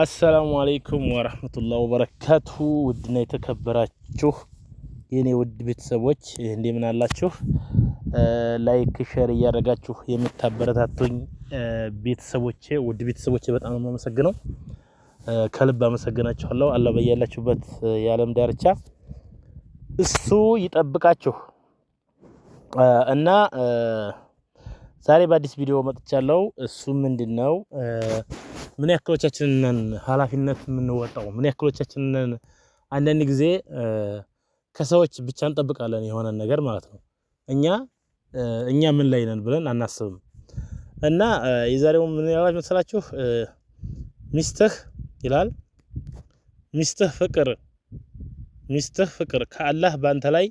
አሰላሙ አለይኩም ወረህመቱላህ ወበረካቱ። ውድና የተከበራችሁ የኔ ውድ ቤተሰቦች እንደምን አላችሁ? ላይክ ሼር እያደረጋችሁ የምታበረታቱኝ ቤተሰቦቼ ውድ ቤተሰቦቼ በጣም የማመሰግነው ከልብ አመሰግናችኋለሁ። አላህ በያላችሁበት የዓለም ዳርቻ እሱ ይጠብቃችሁ እና ዛሬ በአዲስ ቪዲዮ መጥቻለሁ። እሱ ምንድን ነው? ምን ያክሎቻችን ነን ኃላፊነት የምንወጣው? ምን ያክሎቻችንን አንዳንድ ጊዜ ከሰዎች ብቻ እንጠብቃለን የሆነ ነገር ማለት ነው። እኛ እኛ ምን ላይ ነን ብለን አናስብም። እና የዛሬው ምን ያላችሁ መሰላችሁ? ሚስትህ ይላል ሚስትህ ፍቅር ሚስትህ ፍቅር ከአላህ ባንተ ላይ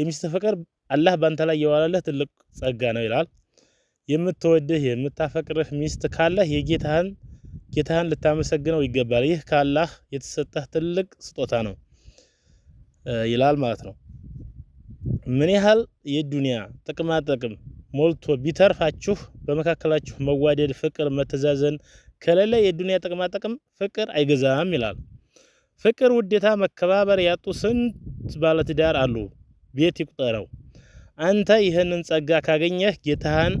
የሚስትህ ፍቅር አላህ ባንተ ላይ የዋለለህ ትልቅ ጸጋ ነው ይላል። የምትወድህ የምታፈቅርህ ሚስት ካለህ የጌታህን ጌታህን ልታመሰግነው ይገባል። ይህ ካላህ የተሰጠህ ትልቅ ስጦታ ነው ይላል ማለት ነው። ምን ያህል የዱንያ ጥቅማ ጥቅም ሞልቶ ቢተርፋችሁ በመካከላችሁ መዋደድ፣ ፍቅር፣ መተዛዘን ከሌለ የዱንያ ጥቅማ ጥቅም ፍቅር አይገዛም ይላል። ፍቅር፣ ውዴታ፣ መከባበር ያጡ ስንት ባለትዳር አሉ። ቤት ይቁጠረው። አንተ ይህንን ጸጋ ካገኘህ ጌታህን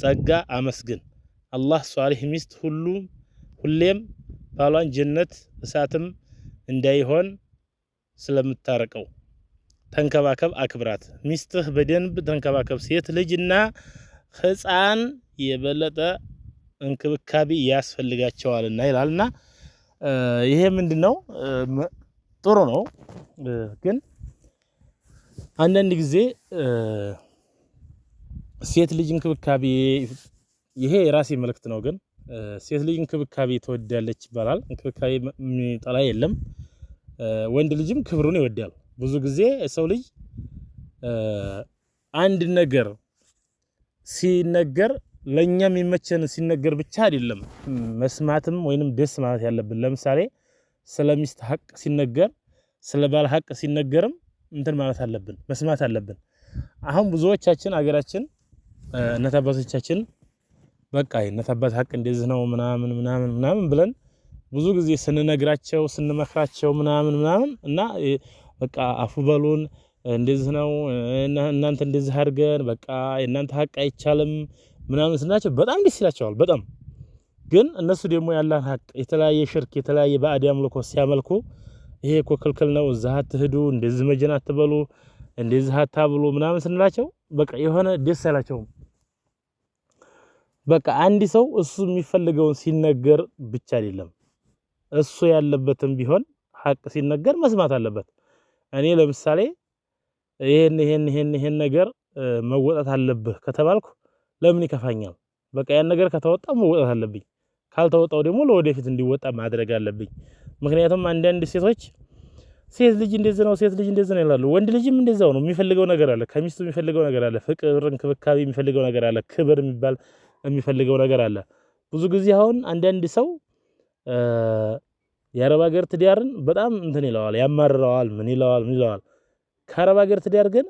ጸጋ አመስግን። አላህ ሷሊህ ሚስት ሁሉ ሁሌም ባሏን ጀነት እሳትም እንዳይሆን ስለምታርቀው ተንከባከብ፣ አክብራት። ሚስትህ በደንብ ተንከባከብ። ሴት ልጅና ህፃን የበለጠ እንክብካቤ ያስፈልጋቸዋልና ይላልና ይሄ ምንድን ነው? ጥሩ ነው፣ ግን አንዳንድ ጊዜ ሴት ልጅ እንክብካቤ ይሄ የራሴ መልእክት ነው። ግን ሴት ልጅ እንክብካቤ ትወዳለች ይባላል። እንክብካቤ የሚጠላ የለም። ወንድ ልጅም ክብሩን ይወዳል። ብዙ ጊዜ ሰው ልጅ አንድ ነገር ሲነገር ለእኛ የሚመቸን ሲነገር ብቻ አይደለም መስማትም ወይንም ደስ ማለት ያለብን። ለምሳሌ ስለ ሚስት ሀቅ ሲነገር፣ ስለ ባል ሀቅ ሲነገርም እንትን ማለት አለብን መስማት አለብን። አሁን ብዙዎቻችን አገራችን እናት አባቶቻችን በቃ የእናት አባት ሀቅ እንደዚህ ነው ምናምን ምናምን ምናምን ብለን ብዙ ጊዜ ስንነግራቸው ስንመክራቸው ምናምን ምናምን እና በቃ አፉ በሉን እንደዚህ ነው እናንተ እንደዚህ አድርገን በቃ የእናንተ ሀቅ አይቻልም ምናምን ስናቸው በጣም ደስ ይላቸዋል። በጣም ግን እነሱ ደግሞ ያላን ሀቅ የተለያየ ሽርክ የተለያየ ባዕድ አምልኮ ሲያመልኩ ይሄ እኮ ክልክል ነው፣ እዛ አትሂዱ፣ እንደዚህ መጀን አትበሉ፣ እንደዚህ አታብሉ ምናምን ስንላቸው በቃ የሆነ ደስ አይላቸውም። በቃ አንድ ሰው እሱ የሚፈልገውን ሲነገር ብቻ አይደለም እሱ ያለበትም ቢሆን ሀቅ ሲነገር መስማት አለበት። እኔ ለምሳሌ ይሄን ይሄን ይሄን ይሄን ነገር መወጣት አለብህ ከተባልኩ ለምን ይከፋኛል? በቃ ያን ነገር ከተወጣ መወጣት አለብኝ፣ ካልተወጣው ደግሞ ለወደፊት እንዲወጣ ማድረግ አለብኝ። ምክንያቱም አንዳንድ ሴቶች ሴት ልጅ እንደዚህ ነው፣ ሴት ልጅ እንደዚህ ነው ይላሉ። ወንድ ልጅም እንደዛው ነው። የሚፈልገው ነገር አለ፣ ከሚስቱ የሚፈልገው ነገር አለ፣ ፍቅር፣ እንክብካቤ የሚፈልገው ነገር አለ፣ ክብር የሚባል የሚፈልገው ነገር አለ። ብዙ ጊዜ አሁን አንዳንድ ሰው የአረብ ሀገር ትዳርን በጣም እንትን ይለዋል፣ ያማርረዋል፣ ምን ይለዋል፣ ምን ይለዋል። ከአረብ ሀገር ትዳር ግን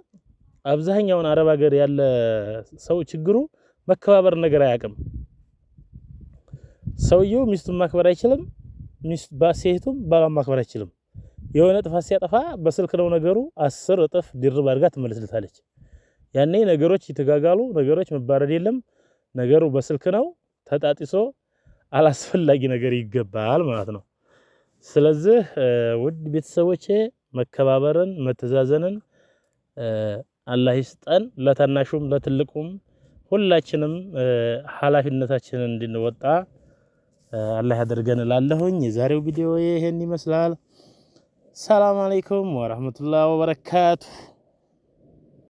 አብዛኛውን አረብ ሀገር ያለ ሰው ችግሩ መከባበር ነገር አያውቅም። ሰውየው ሚስቱን ማክበር አይችልም፣ ሚስት ባሴቱም ባሏን ማክበር አይችልም። የሆነ ጥፋት ሲያጠፋ በስልክ ነው ነገሩ፣ አስር እጥፍ ድርብ አድርጋ ትመልስልታለች። ያኔ ነገሮች ይተጋጋሉ፣ ነገሮች መባረድ የለም። ነገሩ በስልክ ነው ተጣጢሶ አላስፈላጊ ነገር ይገባል ማለት ነው። ስለዚህ ውድ ቤተሰቦቼ መከባበርን፣ መተዛዘንን አላህ ይስጠን። ለታናሹም ለትልቁም ሁላችንም ኃላፊነታችንን እንድንወጣ አላህ ያደርገን እላለሁኝ። የዛሬው ቪዲዮ ይሄን ይመስላል። ሰላም አለይኩም ወራህመቱላሂ ወበረካቱ።